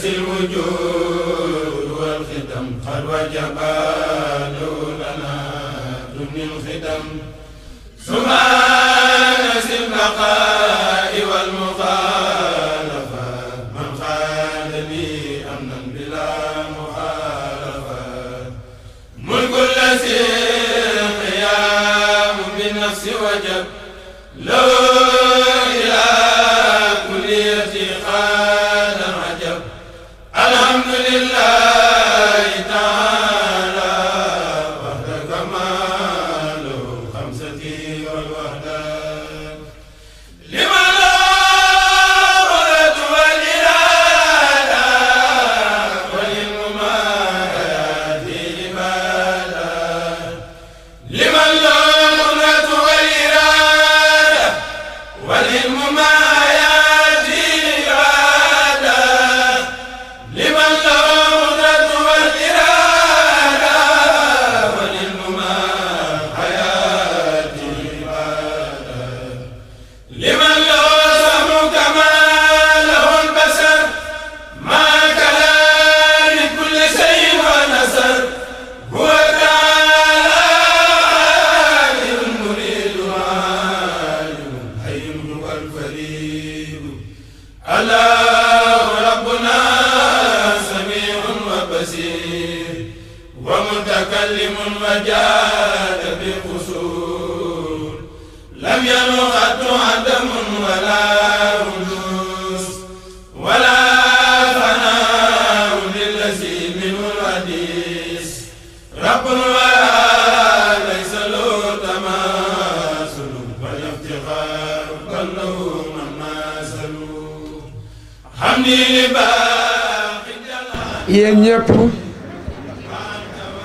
وجبال لنا دون الخدم ثم yéen ñëpp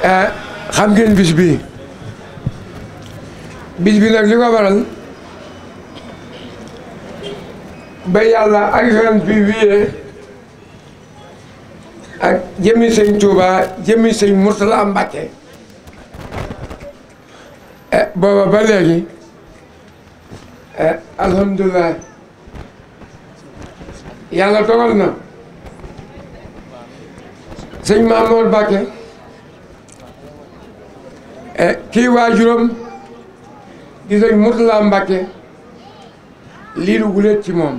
eh, xam ngeen bis bi bis bi nag li ko waral ba yàlla ak yonent bi wiyee ak jëmi sëñ Touba jëmi sëñ Mourtala Mbacke eh, booba ba léegi eh, alhamdulilah yàlla dogal na sëñ Mamour Mbacke e, kii waajuram di sëñ Mourtala Mbacke lii guleet ci moom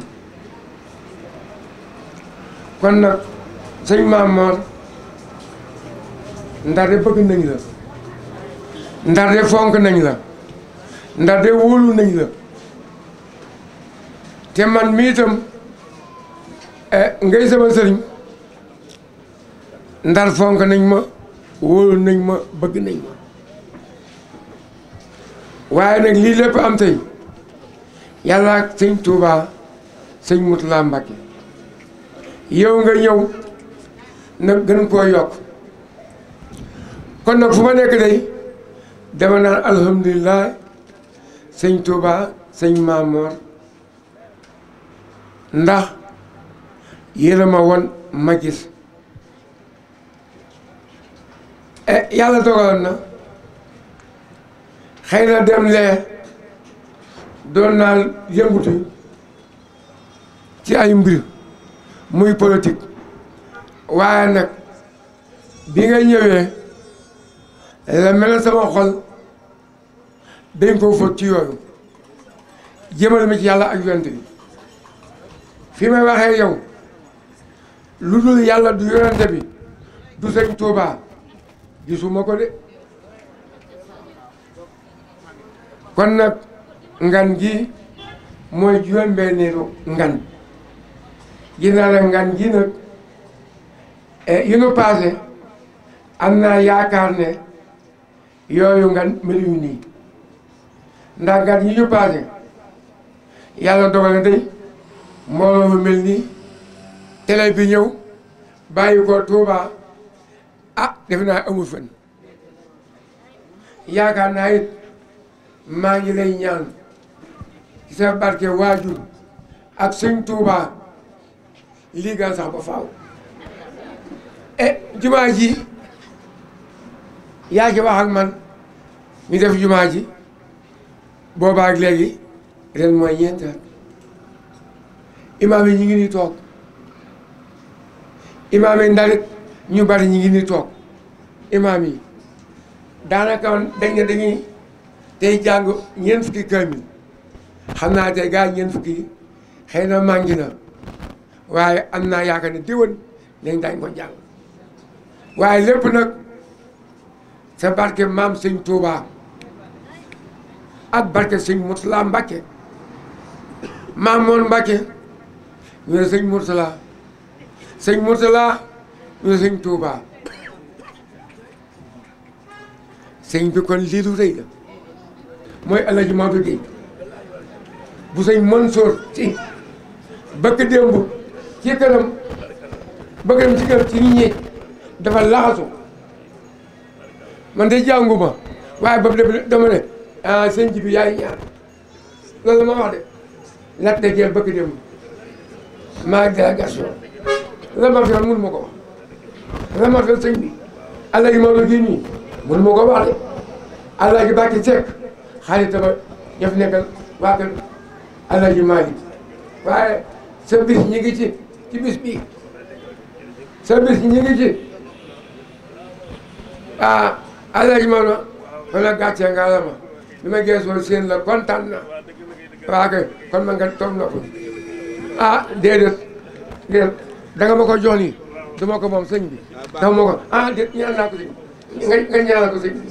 kon nag sëñ Mamour ndar de bëgg nañ la ndar de fonk nañ la ndar de wóolu nañ te man miitam itam e, ngay sama sëriñ ndar fonk nañ ma wóolu nañ ma bëgg nañ ma waaye nag lii lépp am tey yàlla ak sëñ Touba sëñ Moutala Mbacké yow nga ñëw nag gën koo yokk kon nag fu ma nekk day dama naan alhamdulilah sëñ Touba sëñ Maamoor ndax yéena ma won ma Eh, yàlla dogaloon na xëy na dem lee doon naa yëngutu ci ay mbir muy politique waaye nag bi nga ñëwee la mel sama xol dañ koo fóot ci yooyu jëmal mi ci yàlla ak yonent bi fi may waxee yow lu dul yàlla du yonent bi du sëñ Tuubaa gisuma ko de kon nag ngan gi mooy juróom-benneelu ngan ginnaaw la ngan gi nag eh, yi nu passé am naa yaakaar ne yooyu ngan meluñu nii ndax ngan yi ñu passé yàlla dogal na tey mbooloo mu mel nii bi ñëw bàyyi ko Touba. ah defe naa fen yaakaar naa it maa ngi lay ñaan ci sa barke waajur ak sëñ Tuuba lii gaan sax ba eh, ji yaa ci wax man ñu def jumaa ji boobaak léegi ren mooy ñeenti imaam yi ñu ngi nii toog imaam yi ndarit ñu bari ñu ngi ni toog yi daanaka dañ ne dañuy tey jàng ñeent fukki kaamil xam naa tey gaa ñeent fukki xëy na màngi na waaye am naa yaakaar ne diwan dañ daañ ko jàng waaye lépp nag sa barke maam sëñ Touba ak barke sëñ Mourtala mbake maam moon Mbacke ñu ne sëñ Mourtala sëñ Mourtala lu sëñ Tuubaa sëñ bi kon lii lu rëy la mooy El Hadj Maodo Guèye bu sëñ Mansour ci bëgg démb ci kanam bëggam ci kanam ci nit ñi dafa laxasu man de jànguma waaye boobu de dama ne ah sëñ bi loolu ma wax de laajte gerte bëgg démb maa délégation la ma fi wax mënu ma remercié sëñ bi alaaji Maodo gi nii mënu ma ko wax de alaaji Bàcci Seck xaritama def nekkal waa kër alaaji Maalik waaye sa bis ñi ngi ci ci bis bi sa bis ñi ngi ci ah alaaji Maodo fa la gàccee nga la ma bi ma geesoo seen la kontaan na waa kay kon ma nga toog na ko ah déedéet déedéet da nga dama ko moom sëñ bi dama ma ko ah déet ñaan naa ko sëñ bi nga nga ñaanal ko sëñ bi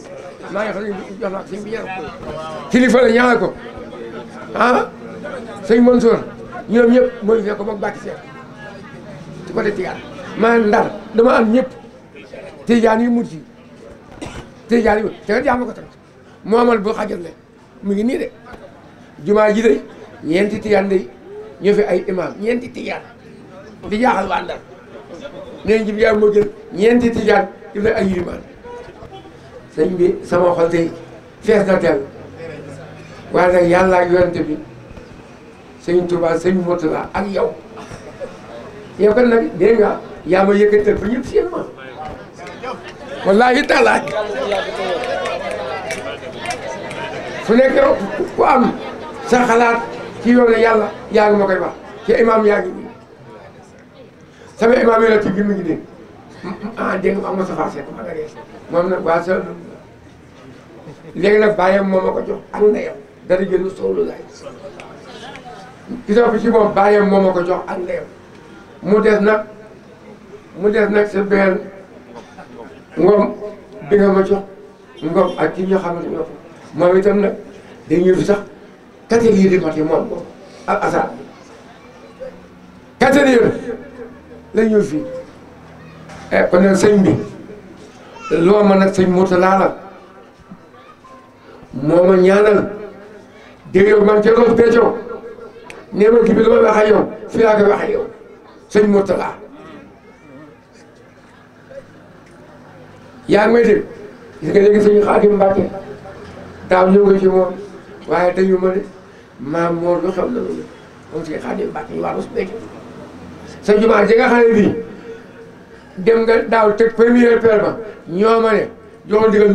maa ngi xam ne jox naa ko sëñ bi ñaanal ko kilifa la ñaanal ko ah sëñ Mansour ñoom ñëpp mooy fekk ko moom bàkki seet ci côté Tidiane maa ndar dama am ñëpp Tidiane yu mujj yi Tidiane yu te nga jaaxal ko tamit moomal bu xajal la mu ngi nii de jumaa ji de ñeenti Tidiane de ñoo fi ay imam ñeenti Tidiane di jaaxal waa ndar nee nañ Tijaan moo jël ñeenti Tijaan yu ne ay yilimaan sëñ bi sama xol tey fees na teel waaye nag yàlla ak yonent bi sëñ Tuubaa sëñ Murtala ak yow yow kan nag dégg nga yaa ma yëkkatal fa ñëpp seen ma wallaahi taalaay fu nekk ku am sa xalaat ci yoonu yàlla yaa ngi ma koy wax ci imaam yaa ngi sama imaam yi la ci gémmiñ gi dégg ah dégg nga am Moustapha Seck ma nga rees moom nag waa sa léegi nag bàyyam moo ma ko jox ak ndeyam dara génn soolu laay ki topp ci moom bàyyam moo ma ko jox a ndeyam mu des nag mu des nag sa benn ngoom bi nga jox ngoom ak ki ñoo xamante ñoo ko moom itam nag dañuy sax quatre heures yi di matin moom ak asaan quatre heures la ñëw fii e kon nag sëñ bi loo ma nag sëñ Mourtala la moo ma ñaanal déggoo man ca Ross Béthio nee ma kii bi lu ma wax ak yow fii laa koy wax ak yow sëñ Mourtala yaa ngi may dégg gis nga léegi daaw ñëw nga ci moom waaye dañu ma ne maam moo du xew na loolu moom sëñ Xaadim Mbàkke ñu waa Ross Béthio sa jumaa ji nga xam ne bii dem nga daaw te première paire ba ñoo ma ne joxoon digal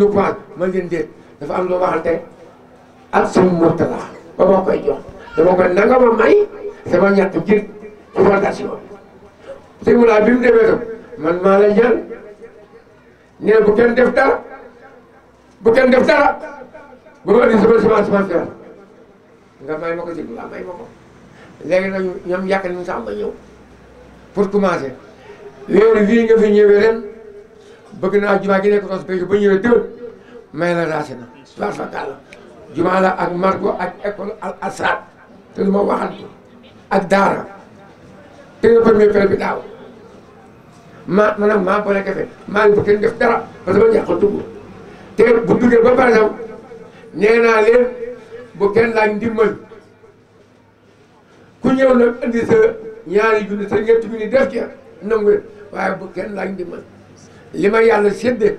ma ngeen déet dafa am loo waxante ak sama murtala ba ma koy jox dama ko nanga ma may sama ñett jër ci fondation bi sëñ Mawla bi mu demee tam man maa lay ñaan nee bu kenn def dara bu kenn def dara bu ma indi sama semence semence nga may ma ko si Mawla may ma ko léegi nag ñoom yàq nañu sax ma ñëw. pour commencer léegi fii nga fi ñëwee bëgg naa jumaa gi nekk tos béykat ba ñëwee déwén may la raase na par fakàlla jumaa la ak margo ak école al te lu ma waxal ko ak daara te le premier père bi daaw maa ma nag maa boole kafe maa ngi kenn def dara parce que ma ñàkk te bu duggee ba pare sax nee naa leen bu kenn laaj ku ñëw nag indi sa. ñaari junni te ñetti junni def ci nangu bu kenn laaj di li ma yàlla séddee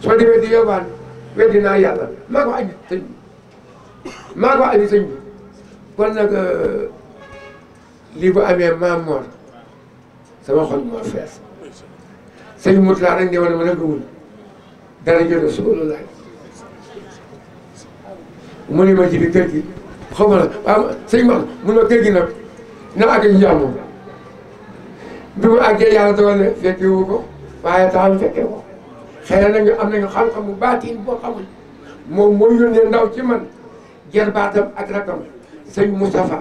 soo demee di yobaan weddi naa yàlla maa ko aji sëñ bi maa ko aji sëñ bi kon nag euh, lii bu amee maam moor sama xol moo fees sëñ Murtala rek ne ma ne ma nanguwul dara jëlee suba la mu ne ma ji bi kër gi xaw ma ma mu ne ma kër gi na ma àggee ci bi ma àggee yàlla doon ne fekke wu ko waaye taxaw fekkee ko xëy na nag am nañu xam-xam bu baatiin boo xamul moom moo yónnee ndaw ci man jarbaatam ak rakam sëñ Moustapha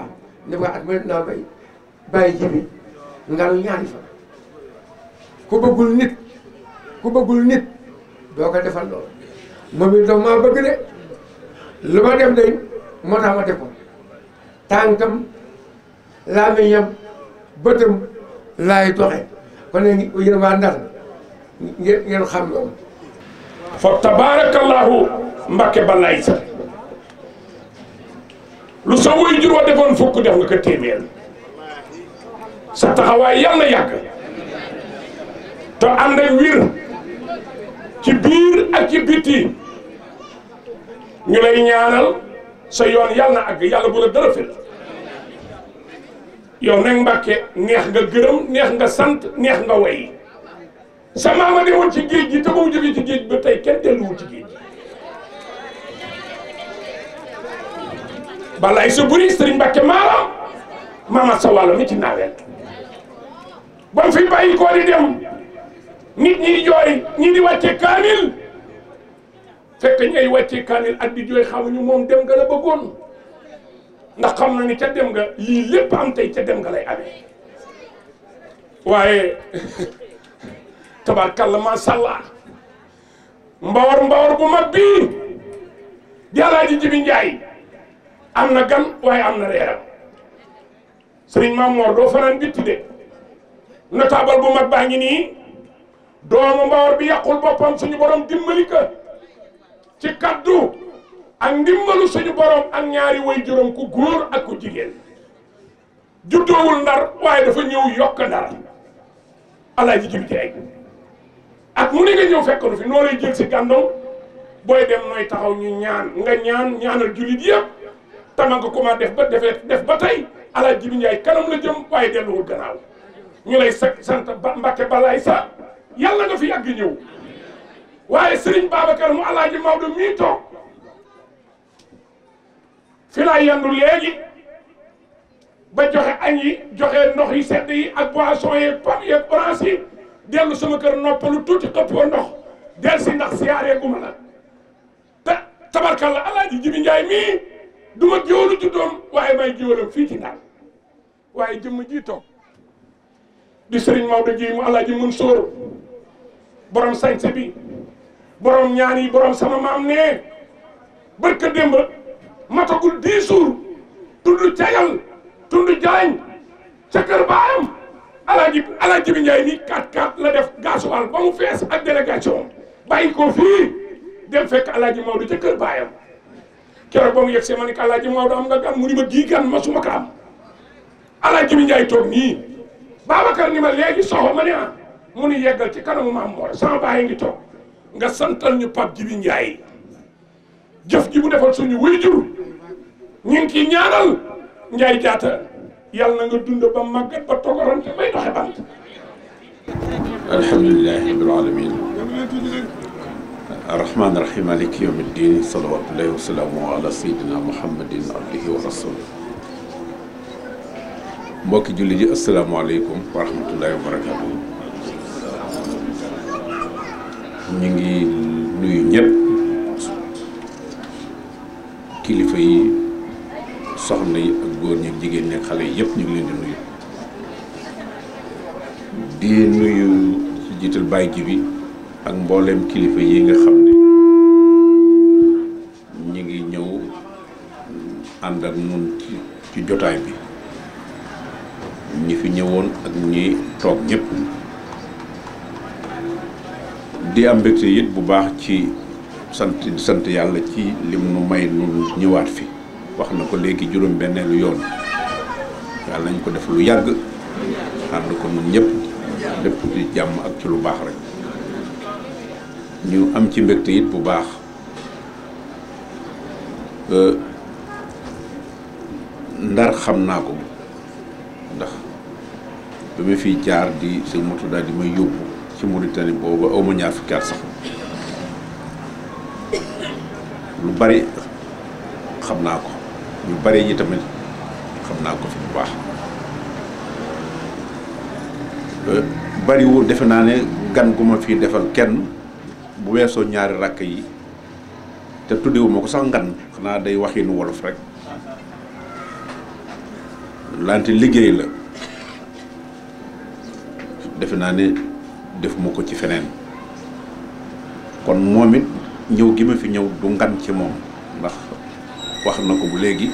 ne ko at ma naa bay bàyyi ji ngal ñaari fa ku bëggul nit ku bëggul nit doo ko defal loolu moom it daf maa bëgg de lu ma def day moo tax ma def ko tànkam làmmiñam bëtam laay doxe kon nag yéen waa Ndar ngeen ngeen xam loolu fa tabarakallahu Mbakke balaay sa lu sa wuy jur wa defoon fukk def nga ko téeméer sa taxawaay yàlla yàgg te ànd ak wir ci biir ak ci biti lay ñaanal sa yoon yàlla na àgg yàlla bu la dara fil yow nag Mbàkke neex nga gërëm neex nga sant neex nga way sa maama demoon ci géej gi te ba mu jógee ci géej ba tey kenn delluwul ci géej gi balaay sa buri sëriñ Mbàkke maala maama sa wàllo mi ci naaweel ba mu fi bàyyi koo dem nit ñi jooy ñi di wàcce kaamil fekk ñay wàcce kaamil ak di jooy ñu moom dem gën a bëggoon ndax xam na ca dem nga lii lépp am tey ca dem nga lay amee waaye tabarkalla macha allah mbawar mbawar bu mag bii di Alaaji Jibi Njaay am na gan waaye am na reeram sëriñ Mamoor doo fanaan bitti de notable bu mag baa ngi nii doomu mbawar bi yàqul boppam suñu borom dimbali ci kaddu ak ndimbalu suñu borom ak ñaari way juróom ku góor ak ku jigéen juddoowul ndar waaye dafa ñëw yokk ndar allah ji jibi ay ak mu ne nga ñëw fekk nu fi noo lay si gàndoom booy dem nooy taxaw ñu ñaan nga ñaan ñaanal jullit yëpp tama nga comment def ba defee def ba tey alaaji Jibi Njaay kanam la jëm waaye delluwul gannaaw ñu lay sa sant ba balaay sa yàlla nga fi yàgg ñëw waaye Serigne Babacar mu alaaji Maodo mii toog fi laa yendu léegi ba joxe añ yi joxe ndox yi sedd yi ak boisson yi pam yi orange yi dellu sama kër noppalu tuuti xëppoo ndox del si ndax siyaaree guma la te tabarkalla alaaji jibi njaay mii du ma jiwalu juddoom waaye may jiwalam fii ci ndaal waaye jëmm ji toog di sëriñ Maodo ji mu alaaji mun sóor borom sañse bi borom ñaan yi borom sama maam nee barka démb matagul dix jours tund cagal tund jaañ ca kër baayam alaaji alaaji bi nii 4-4 la def gasoil ba mu fees ak délégation bàyyi ko fii dem fekk alaaji Maodo ca kër baayam keroog ba mu yegg see ma ne ko alaaji Maodo am nga gan mu ni ma gii gan ma su ma ko am alaaji bi Njaay toog nii ni ma léegi soxo ma ne ah mu ni yeggal ci kanamu maam Mor sama baay ngi toog nga santal ñu Pape Jibi jëf ji mu defal suñu waajur ñu ngi ciy ñaanal Njaay Jaata yàlla na nga dund ba màggat ba togarante bay doxe bant alhamdulilahi rabbil alamin arrahman arrahim maliki yawmi ddin salawatullahi wa salaamu muhammadin abdihi wa mbokki julli ji asalaamaaleykum wa rahmatullahi wa barakatuh ngi nuyu ñëpp kilifa yi soxna yi ak góor ñi jigéen ñi ak xale yi yëpp ñu leen di nuyu di nuyu ci jiital bàyyi ji bi ak mbooleem kilifa yi nga xam ne ñi ngi ñëw ànd ak nun ci jotaay bi ñu fi ñëwoon ak ñuy toog ñëpp di am mbégte it bu baax ci sant yàlla ci lim nu may nu ñëwaat fi wax na ko léegi juróom benneelu yoon yàlla nañ ko def lu yàgg ànd ko nun ñëpp lépp di jàmm ak ci lu baax rek ñu am ci mbégte it bu baax ndar xam naa ko ndax bi ma fiy jaar di sëñ daal di may yóbbu ci Mauritanie boobu aw ñaar fukki sax lu bari xam naa ko ñu bari yi tamit xam naa ko fi bu baax euh, bariwu defe naa ne gan gu ma fii defal kenn bu weesoo ñaari rakk yi te tuddewu ko sax ngan xanaa day waxinu wolof rek lante liggéey la defe naa ne def ko ci feneen kon moom it ñëw gi ma fi ñëw du ngan ci moom ndax wax na ko bu léegi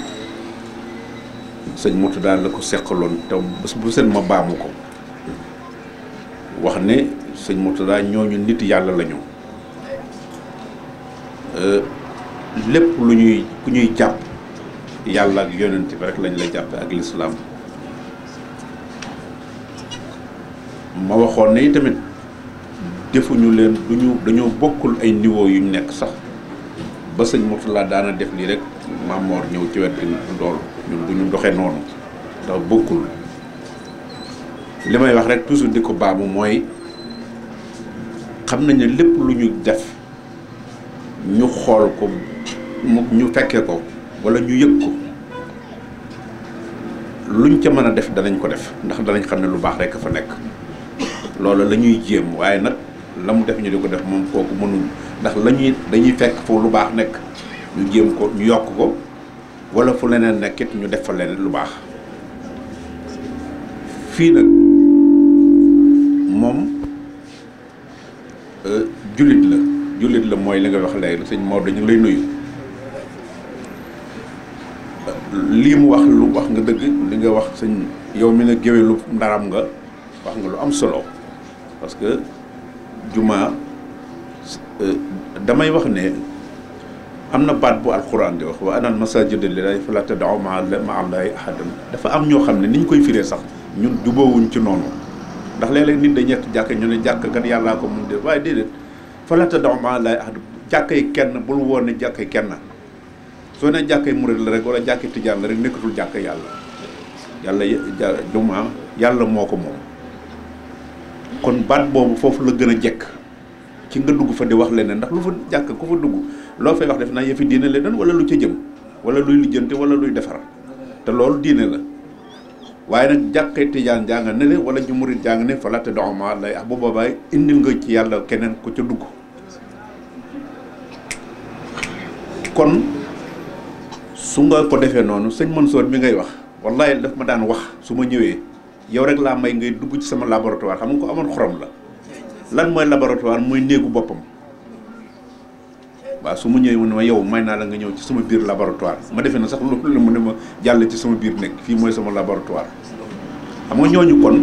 sëñ Moutou daal la ko seqaloon te bés bu seen ma baamu ko wax ne sëñ Moutou daal ñooñu nit yàlla lañu euh, lépp lu ñuy ku ñuy jàpp yàlla ak yonent bi rek lañ la jàppe ak lislaam ma waxoon ne tamit. defuñu leen duñu dañoo bokkul ay niveau yu ñu nekk sax ba sëñ laa daana def lii rek Maam ñëw ci wet bi loolu doxee noonu ndax bokkul li may wax rek toujours di ko baamu mooy xam nañ ne lépp lu ñu def ñu xool ko mu ñu fekkee ko walla ñu yëg ko luñ ca mën a def danañ ko def ndax danañ xam ne lu baax rekk fa nekk loolu lañuy ñuy jéem waaye nag la mu def ñu di ko def moom kooku mënuñu ndax la dañuy fekk foofu lu baax nekk ñu jéem ko ñu yokk ko wala fu leneen nekkit ñu def fa leen lu baax fii nag moom euh, jullit la jullit la mooy li ngay wax léegi sëñ moo dañu lay nuyu lii mu wax lu wax nga dëgg li nga wax sëñ yow mi ne géwélu ndaram nga wax nga lu am solo parce jumaa euh, damay wax ne am na baat bu alxuraan di wax wa anal masaajida lillaahi falaa tad'uu am llaahi ahadan dafa am ñoo xam ne ni ñu koy firee sax ñun jubóowuñ ci noonu ndax léeg-léeg nit da ñett jàkk ñu ne jàkk kat yàllaa ko moom de waaye déedéet falaa tad'uu ma'a llaahi ahadan jàkkay kenn bul woon ne jàkk kenn soo ne jàkkay murit la rek wala jàkkay tijaan la rek nekkatul jàkk yàlla yàlla jumaa yàlla moo ko moom kon baat boobu foofu la gën a jekk ci nga dugg fa di wax leneen ndax lu fa jàkk ku fa dugg loo fay wax def naa yëfi diine leneen wala lu ca jëm wala luy lijjante wala luy defar te loolu diine la waaye nag jàkkee tijaan jàng ne le wala ñu murit jàng ne falaate doxama lay ax ah bu boobaay indil nga ci yàlla keneen ku ca dugg kon su nga ko defee noonu sëñ Mansoor mi ngay wax wallaay daf ma daan wax su ma ñëwee yow rek laa may ngay dugg ci sama laboratoire xam nga ko amoon xorom la lan mooy laboratoire mooy néegu boppam waaw su mu ñëwee mu ma yow may naa la nga ñëw ci sama biir laboratoire ma defe na sax loolu la mu ne ma jàll ci sama biir nekk fii mooy sama laboratoire xam nga ñooñu kon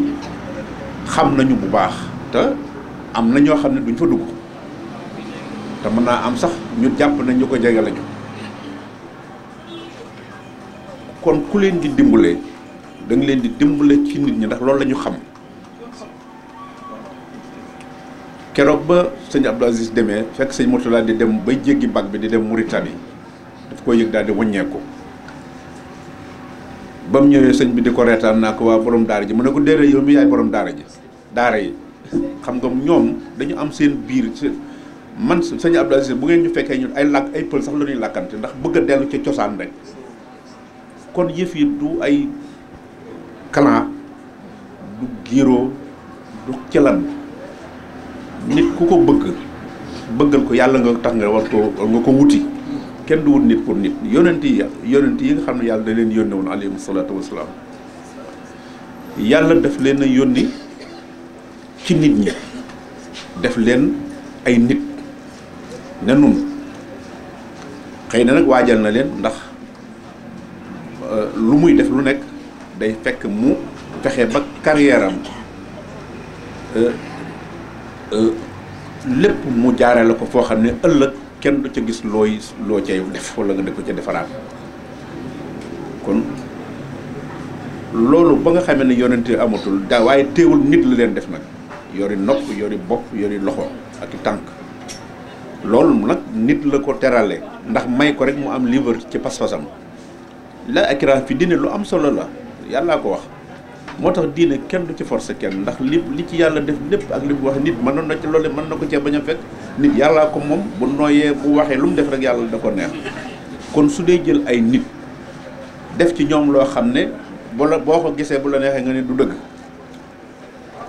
xam nañu bu baax te am na ñoo xam ne duñ fa dugg te mën naa am sax ñu jàpp nañ ñu ko jege lañu kon ku leen di dimbalee. da nga leen di dimbale ci nit ñi ndax loolu la ñu xam keroog ba sëñ Abdou Aziz demee fekk sëñ Mourtala di dem bay jéggi bag bi di dem Mauritanie daf koy yëg daal di wàññeeku ba ñëwee sëñ bi di ko reetaan naa ko waa borom daara ji mu ne ko déedéet yow mi yaay borom daara ji daara yi xam nga ñoom dañu am seen biir seen man sëñ Abdou Aziz bu ngeen ñu fekkee ñun ay làkk ay pël sax la làkkante ndax bëgg a dellu ca cosaan rek kon yëf yi du ay. kalan du giiroo du calan nit ku ko bëgg bëggal ko yàlla nga tax nga war ko nga ko wuti kenn du wut nit pour nit yonent yi yonent yi xam na yàlla da leen yónne woon alayhim salaatu wasalaam yàlla daf leen a yónni ci nit ñi def leen ay nit ne nun na nag waajal na leen ndax euh, lu muy def lu nekk day fekk mu fexe ba carrière am euh, euh, lépp mu jaare la ko foo xam ne ëllëg kenn du ca gis looy loo cay def wala nga di ko ca defaraat kon loolu ba nga xamee ne yonente amatul da waaye teewul nit la leen def nag yori nopp yori bopp yori loxo ak i tànk loolu nag nit la ko terale ndax may ko rek mu am libre ci pas-pasam la akira fi dine lu am solo la yàllaa ko wax moo tax diine kenn du ci forcer kenn ndax li li ci yàlla def lépp ak li mu wax nit mënoon na ci loolu mën na ko cee bañ a fekk nit yàllaa ko moom bu nooyee bu waxee lu mu def rek yàlla da ko neex kon su dee jël ay nit def ci ñoom loo xam ne bu la boo ko gisee bu la neexee nga ne du dëgg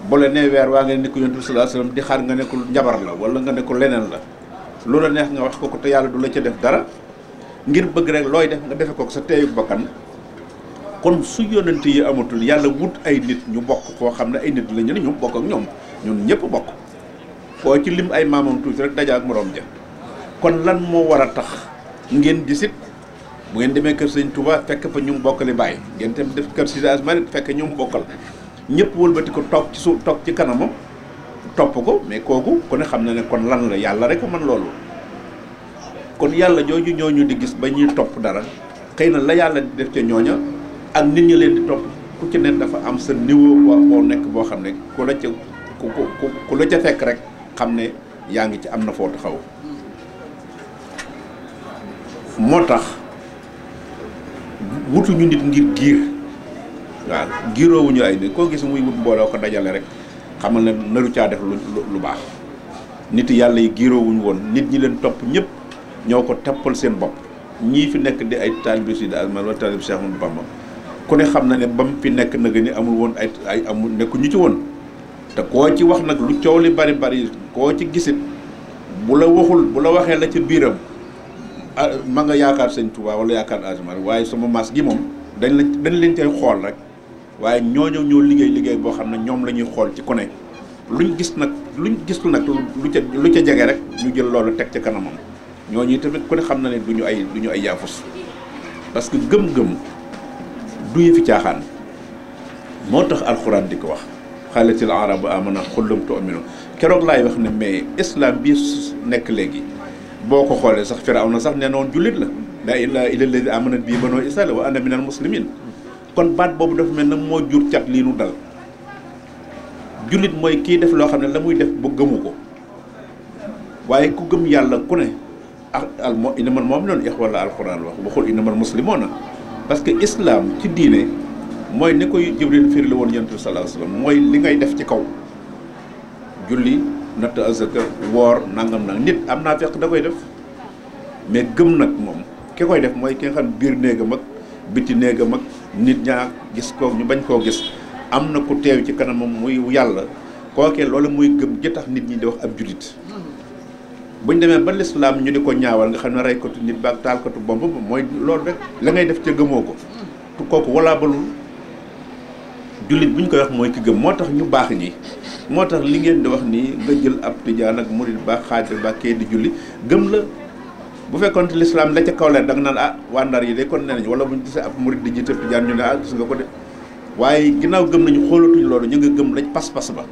bu la nee weer waa nga ne ko yonent bi sallallahu alayhi di xaar nga ne ko la wala nga ne leneen la loola neex nga wax ko ko yàlla du la ca def dara ngir bëgg rek looy def nga defe ko sa teeyu bokkan kon su yonent yi amatul yàlla wut ay nit ñu bokk koo xam ne ay nit la ñu ne bokk ak ñoom ñun ñëpp bokk koo ci lim ay maamam tuuti rek daja ak moroom ja kon lan moo war a tax ngeen gisit mu ngeen demee kër sëñ tubaa fekk fa ñu bokkali bàyyi ngeen tam def kër Sidi Asmaan fekk ñu bokkal ñëpp wëlbati ko toog ci su toog ci kanamam topp ko mais kooku ko ne xam na ne kon lan la yàlla rek man loolu kon yàlla jooju ñu di gis ba ñuy topp dara xëy na la yàlla di def ca ñooña ak nit ñi leen di topp ku ci ne dafa am sa niveau boo nekk boo xam ne ku la ca la ca fekk rek xam ne yaa ngi ci am na foo taxaw moo tax wutuñu nit ngir giir waaw giiroowuñu ay nit koo gis muy wut mbooloo ko dajale rek xamal na naru caa def lu lu baax nit yàlla yi giiroowuñu woon nit ñi leen topp ñëpp ñoo ko toppal seen bopp ñii fi nekk di ay taalibe Seydi Ajmal wala taalibe Cheikh Ahmadou ku ne xam na ne ba mu fi nekk nag ni amul woon ay ay amul nekku ñu ci woon te koo ci wax nag lu coow li bari bari koo ci gisit bu la waxul bu la waxee la ca biiram ah, ma nga yaakaar sëñ Tuubaa wala yaakaar Azmar waaye sama maas gi moom dañ la dañ leen cay xool rek waaye ñooñu ñoo liggéey liggéey boo xam ne ñoom la xool ci kone ne luñ gis nag luñ gisul nag lu ca lu ca jege rek ñu jël loolu teg ca kanamam ñoo ñooñu tamit ku ne xam na ne du ñu ay du ay yaafus parce que gëm-gëm. du fi caaxaan moo tax alxuraan di ko wax xaalatil arabu amana xullum tu'minu keroog laay wax ne mais islam bi nekk léegi boo ko xoolee sax firaw na sax nee na woon jullit la laa ilaaha illa llazi aamanat bihi banoo israa'iila wa ana minal muslimiin kon baat boobu dafa mel na moo jur cat lii nu dal jullit mooy kii def loo xam ne la muy def ba gëmu ko waaye ku gëm yàlla ku ne ak ah, al mo innamal mu'minuuna ixwa la alxuraan wax waxul innamal muslimoona parce que islam ci diine mooy ni koy Jibril firi la woon yonent bi sallallahu mooy li ngay def ci kaw julli natt azaka woor nangam nag nit am naa fekk da koy def mais gëm nag moom ki koy def mooy ki nga xam biir néegam ak biti néegam ak nit ñaa gis ko ñu bañ koo gis am na ku teew ci kanamam muy yàlla kookee loolu muy gëm ji tax nit ñi di wax ak jullit bu ñu demee ba lislaam ñu di ko ñaawal nga xam ne reykatu nit ba ak taalkatu bomb ba mooy loolu rek la ngay def ca gëmoo ko tu kooku walaa balul jullit bu ñu koy wax mooy ki gëm moo tax ñu baax ñi moo tax li ngeen wax nii nga jël ab tijaan ak murid ba xaadir ba kee di julli gëm la bu fekkoon te lislaam la ca kaw leen da nga naan ah waa Ndar yi de kon nee nañu wala bu ñu gisee ab murid di jiite tijaan ñu ne ah gis nga ko de waaye ginnaaw gëm nañu xoolatuñu loolu ñu nga gëm lañ pas-pas ba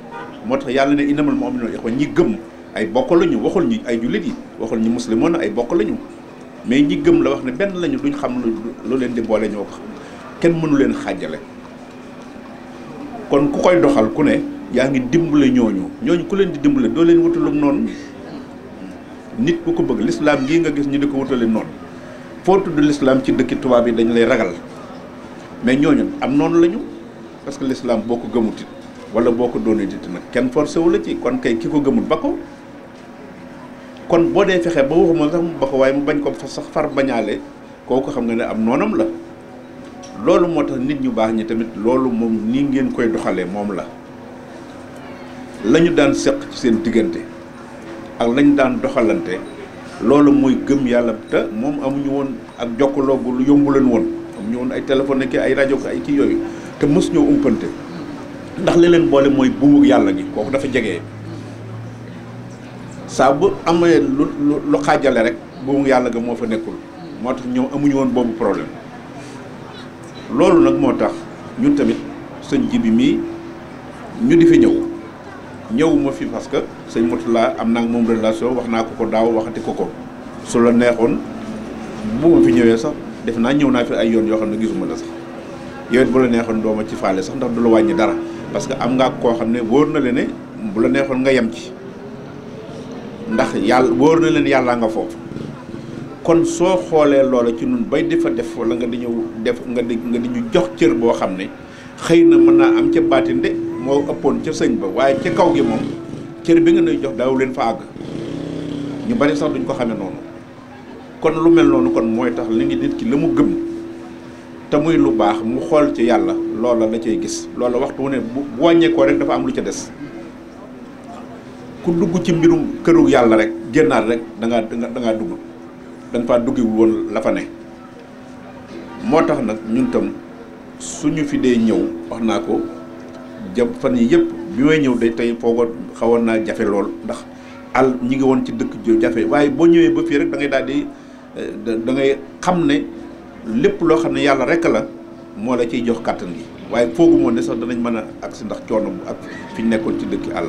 moo tax yàlla ne innamal mu'minuuna ixwa ñi gëm ay bokk lañu waxul ñi ay jullit yi waxul ñi muslimoon ay bokk lañu mais ñi gëm la wax ne benn lañu duñ xam lu leen di boole ñoo ko kenn mënu leen xàjjale kon ku koy doxal ku ne yaa ngi dimbale ñooñu ñooñu ku leen di dimbale doo leen wutalum noonu nit ku ko bëgg lislaam gii nga gis ñu di ko wutale noonu foo tudd lislaam ci dëkki tubaab yi dañu lay ragal mais ñooñu am noonu lañu parce que lislaam boo ko gëmutit wala boo ko doonee dit nag kenn forcé wu la ci kon kay ki ko gëmul ba ko kon boo dee fexe ba waxuma sax mu bax waaye mu bañ ko sax far bañaale kooku xam nga ne am noonam la loolu moo tax nit ñu baax ñi tamit loolu moom nii ngeen koy doxalee moom la lañu daan seq ci seen diggante ak lañu daan doxalante loolu mooy gëm yàlla te moom amuñu woon ak jokkaloo bu yombu leen woon amuñu woon ay téléphone ak ay rajo ay kii yooyu te mës ñoo umpante ndax li leen boole mooy buumu yàlla gi kooku dafa jege. saa bu amee lu lu xaajale rek buumu yàlla ga moo fa nekkul moo tax ñëw amuñu woon boobu problème loolu nag moo tax ñun tamit sëñ ji bi mii ñu di fi ñëw ñëwuma fi parce que sëñ laa am naa moom relation wax naa ko ko daaw waxati ko ko su la neexoon bu ma fi ñëwee sax def naa ñëw naa fi ay yoon yoo xam ne gisuma la sax yow it bu la neexoon doo ci faale sax ndax du la wàññi dara parce que am nga koo xam ne wóor na le ne bu la neexoon nga yem ci ndax yàlla wóor na leen yàllaa nga foofu kon soo xoolee loola ci nun bay defa def wala nga di ñu def nga di nga di ñu jox cër boo xam ne xëy na mën naa am ca baatin de moo ëppoon ca sëñ ba waaye ca kaw gi moom cër bi nga nuy jox daaw leen fa àgg ñu bari sax duñ ko xamee noonu kon lu mel noonu kon mooy tax li ngi nit ki la mu gëm te muy lu baax mu xool ci yàlla loola la cay gis loola waxtu wu ne bu wàññeekoo rek dafa am lu ca des ku dugg ci mbirum këru yàlla rek génnaat rek da ngaa da dugg da fa faa duggiwul woon la fa ne moo tax nag ñun tam su ñu fi dee ñëw wax naa ko jàpp fan yi yëpp bi may ñëw day tey foogoon xawoon naa jafe lool ndax àll ñi ngi woon ci dëkk jo jafe waaye boo ñëwee ba fii rek da ngay daal di eh, da ngay xam ne lépp loo xam ne yàlla rek la moo la ciy jox kàttan gi waaye foogu moo ne sax danañ mën a agsi ndax coono bu ak fi ñu nekkoon ci dëkki àll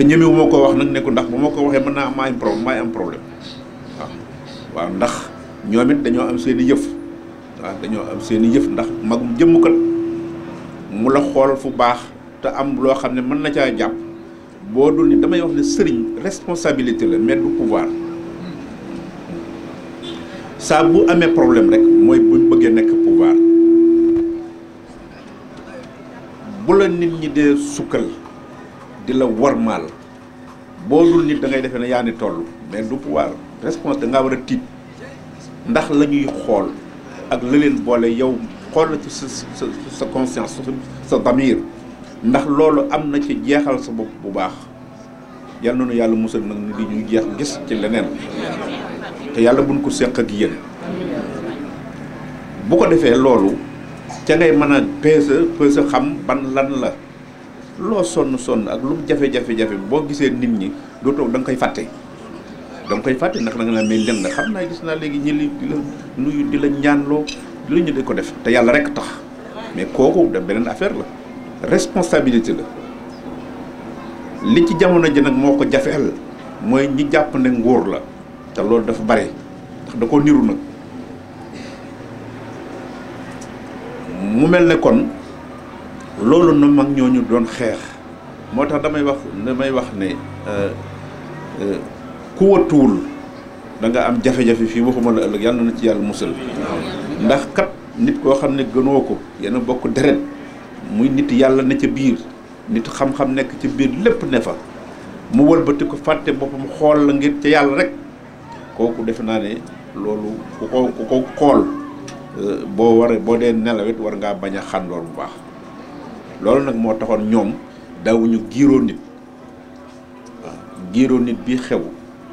te ñeme wu ko wax nag nekku ndax bu ma ko waxee mën naa am maay am problème waaw waaw ndax ñoom dañoo am seeni yëf waaw dañoo am seeni yëf ndax magum jëmm kat mu la xool fu baax te am loo xam ne mën na caa jàpp boo dul ni damay wax ne sëriñ responsabilité la mais du pouvoir saa bu amee problème rek mooy buñ bëggee nekk pouvoir bu la nit ñi dee sukkal di la mal boo dul nit da ngay defee ne yaa ni toll mais du pouvoir réponse da ngaa war a tiit ndax la ñuy xool ak la leen boole yow xool na ci sa sa sa sa damir ndax loolu am na ci jeexal sa bopp bu baax yal noonu yàlla musal nag ni di ñu jeex gis ci leneen te yàlla buñ ko seq ak bu ko defee loolu ca ngay mën a peese peese xam ban lan la loo sonn sonn ak lu jafe-jafe jafe boo gisee nit ñi doo toog da koy fàtte da koy fàtte ndax da nga naan mais dem na xam naa gis naa léegi ñi li di la nuyu di la lu ñu di ko def te yàlla rek tax mais kooku da beneen affaire la responsabilité la li ci jamono ji nag moo ko jafeel mooy ñi jàpp ne nguur la te loolu dafa bare ndax da ko niru nag mu mel ne kon loolu na mag ñu doon xeex moo tax damay wax damay wax ne euh, euh, ku watuwul da nga am jafe-jafe fii waxuma la ëllëg yàlla na ci yàlla musal ndax kat nit koo xam ne gënoo ko yéen a bokk deret muy nit yàlla ne ca biir nit xam-xam nekk ci biir lépp ne fa mu wëlbati ko fàtte boppam xool la ngir ci yàlla rek kooku defe naa ne loolu ku ko ku ko xool euh, boo waree boo dee nelawit war ngaa bañ a xàndoor bu baax loolu nag moo taxoon ñoom daawuñu giiroo nit waaw giiroo nit bii xew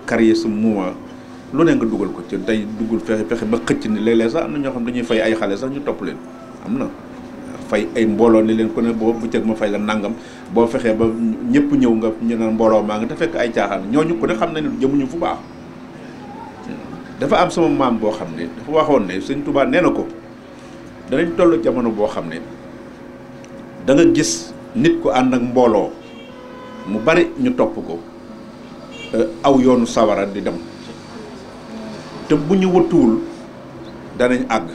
créer su moment lu ne nga dugal ko ci tey duggul fexe fexe ba xëcc ni léeg sax am na ñoo xam ne dañuy fay ay xale sax ñu topp leen am na fay ay mbooloo ni leen ko ne boo bëccëg ma fay la nangam boo fexee ba ñëpp ñëw nga ñu naan mbooloo maa ngi te fekk ay caaxaan ñooñu ko ne xam na ne jëmuñu fu baax dafa am sama maam boo xam ne dafa waxoon ne Sëñ Tuubaa nee na ko danañ toll jamono boo xam ne danga gis nit ko ànd ak mbooloo mu bari ñu topp ko euh, aw yoonu sawara di dem te bu ñu wëtuwul danañ àgg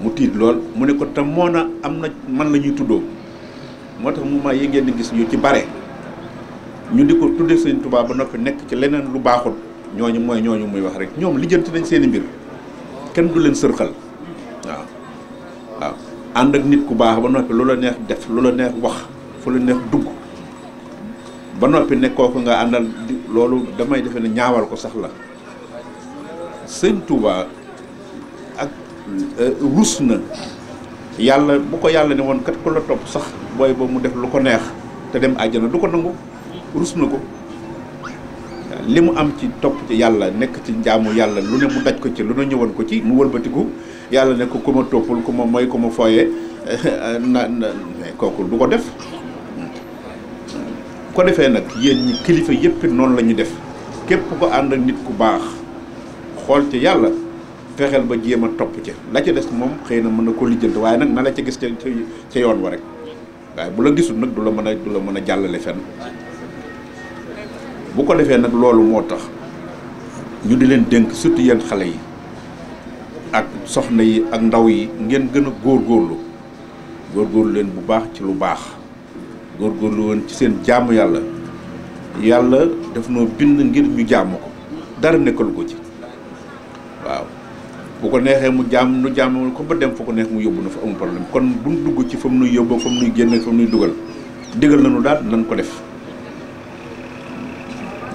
mu tiit lool mu ne ko te moo na am na man la ñuy tuddoo moo tax moment yi ngeen di gis ñu ci bare ñu di ko tuddee Sëñ tubaab ba noppi nekk ci leneen lu baaxul ñooñu mooy ñooñu muy wax rek ñoom lijjanti nañ seeni mbir kenn du leen sërxal waaw ànd ak nit ku baax ba noppi lu la neex def lu la neex wax fu la neex dugg ba noppi ne kooku nga àndal loolu damay defe ne ñaawal ko sax la sëñ Touba ak euh, rus na yàlla bu ko yàlla ne woon kat ku la topp sax booy ba mu def lu ko neex te dem àjjana du ko nangu rus na ko li mu am ci topp ci yàlla nekk ci njaamu yàlla lu ne mu daj ko ci lu ne ñëwoon ko ci mu wëlbatiku yàlla ne ko ku ma toppul ku ma mooy ku ma fooyee na kooku du ko def ko defee nag yéen ñi kilifa yépp noonu la ñu def képp ko ànd ak nit ku baax xool ci yàlla fexeel ba jéem a topp ca la ca des moom xëy na mën na ko lijjanti waaye nag na la ca gis ca ca yoon wa rek waaye bu la gisul nag du la mën a du la mën a jàllale fenn bu ko defee nag loolu moo tax ñu di leen dénk surtout yenn xale yi ak soxna yi ak ndaw yi ngeen gën a góor góorgóorlu leen bu baax ci lu baax góor góorlu woon ci seen jàmm yàlla yàlla daf noo bind ngir ñu jàmm ko dara nekkal ko ci waaw bu ko neexee mu jaam nu jaamu ko ba dem fa ko neex mu yóbbu na fa amul problème kon bu ñu dugg ci fa mu nuy yóbbu fa mu nuy génne fa mu nuy dugal digal nañu daal nan ko def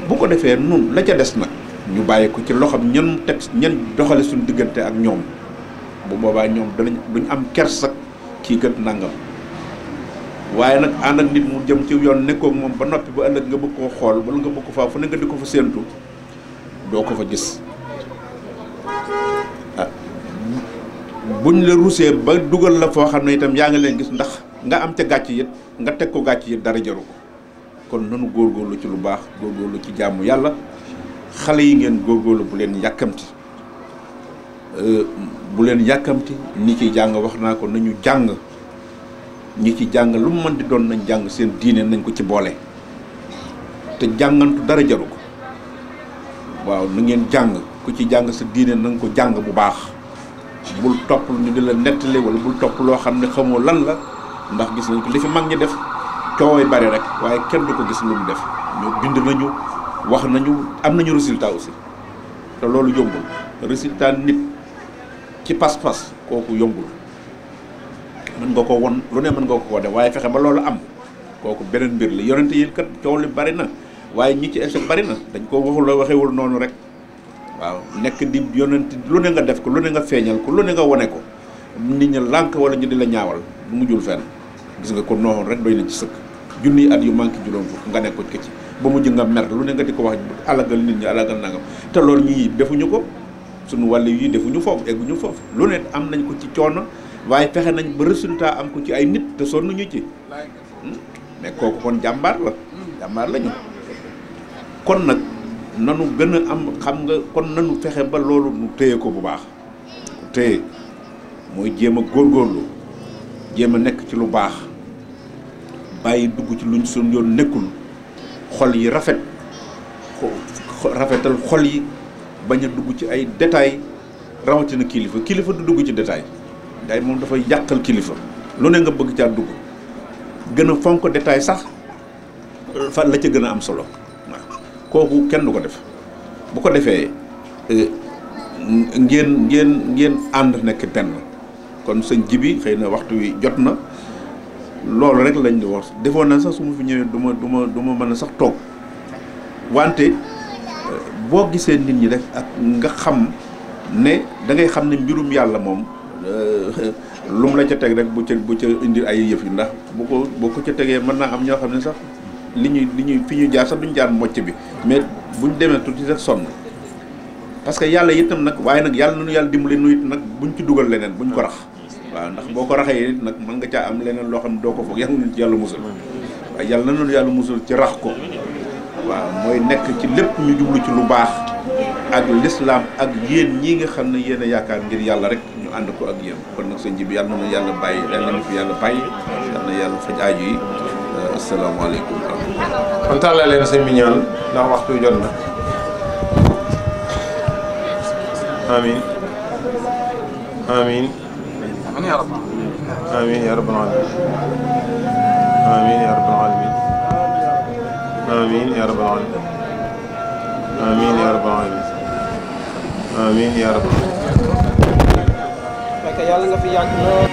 bu ko defee nun la ca des nag ñu bàyyi ko ci loxam ñan teg ñan doxale suñu diggante ak ñoom bu boobaa ñoom danañ duñ am kers kersak kii gët nangam waaye nag ànd ak nit mu jëm ci yoon nekkoog moom ba noppi ba ëllëg nga bëgg koo xool wala nga bëgg ko faa fu ne nga di ko fa séentu doo ko fa gis ah, buñ la rusee ba dugal la foo xam ne itam yaa ngi leen gis ndax nga am ca gàcc yit nga teg ko gàcc yit dara jaru ko kon nu góor góor lu ci lu baax lu ci jàmm yàlla xale yi ngeen góorgóorlu bu leen yàkkamti euh, bu leen yàkkamti ñi ci jàng wax naa ko nañu jàng ñi ci jàng lu mu di doon nañ jàng seen diine nañ ko ci boole te jàngantu dara jaru ko waaw na ngeen jàng ku ci jàng sa diine na nga ko jàng bu baax bul topp ñu di la nettali wala bul topp loo xam ne xamoo lan la ndax gis nañ ko li fi mag ñi def cooway bari rek waaye kenn du ko gis lu mu def ñu bind nañu wax nañu am nañu résultat aussi te loolu yombul résultat nit ci pas-pas kooku yombul mën nga ko won lu ne mën nga ko ko def waaye fexe ba loolu am kooku beneen mbir la yonente yi kat coow li bari na waaye ñii ci échec bari na dañ ko waxul la waxewul noonu rek waaw nekk di yonente lu ne nga def ko lu ne nga feeñal ko lu ne nga wone ko nit ñi lànk wala ñu di la ñaawal bu mujjul fenn gis nga ko noonu rek doy na ci sëkk junniy at yu manqué juróom fukk nga nekkoon ko ci ba mujj nga mer lu ne nga di ko wax alagal nit ñi alagal nangam te loolu ñii defuñu ko suñu wàll yi defuñu foofu egguñu foofu lu ne am nañ ko ci coono waaye fexe nañ ba résultat am ko ci ay nit te sonn ñu ci hmm? mais kon jàmbaar la jàmbaar la kon nag nanu gën a am xam nga kon nanu fexe ba loolu mu téye ko bu baax téye mooy jéem a góorlu jéem a nekk ci lu baax bàyyi dugg ci lu suñ yoon nekkul xol yi rafet rafetal xol yi bañ a dugg ci ay détails rawatina kilifa kilifa du dugg ci détail day moom dafay yàqal kilifa lu ne nga bëgg caa dugg gën a fonk détail sax fa la ca gën a am solo waaw kooku kenn du ko def bu ko defee euh, ngeen ngeen ngeen ànd nekk benn kon sëñ jibi bi xëy na waxtu wi jot na loolu rek lañ di wax defoon na sax su ma fi ñëwee du ma du ma du ma mën a sax toog wante euh, boo gisee nit ñi rek ak nga xam ne dangay xam ne mbirum yàlla moom euh, lu mu la ca teg rek bu ca bu ca indi ay yëf yi ndax bu ko boo ko ca tegee mën naa am ñoo xam ne sax li ñuy li ñuy fi ñu jaar sax duñ jaar mocc bi mais bu ñu demee tuuti rek sonn parce que yàlla itam nag waaye nag yàlla nañu yàlla leen nuyu nag buñ ci dugal leneen buñ ko rax. waa ndax boo ko raxee nag mën nga caa am leneen loo xam ne doo ko foog yàlla nañu ci yàlla musul waaw yàlla nañu yàlla musul ci rax ko waaw mooy nekk ci lépp ñu jublu ci lu baax ak lislaam ak yéen ñii nga xam ne yéen a yaakaar ngir yàlla rek ñu ànd ko ak yéen kon nag sëñ ji bi yàlla na yàlla bàyyi yàlla na fi yàlla bàyyi yàlla na yàlla faj aaju yi euh, asalaamaaleykum wa rahmatulah. kon tàllal leen sëñ bi ñaan ndax waxtu jot na. amiin amiin. amiin yaa rabbal aalamiin amiin yaa rabbal aalamiin amiin yaa rabbal aalamiin amiin yaa rabbal aalamiin amiin yaa rabbal aalamiin fekk yàlla nga fi yàgg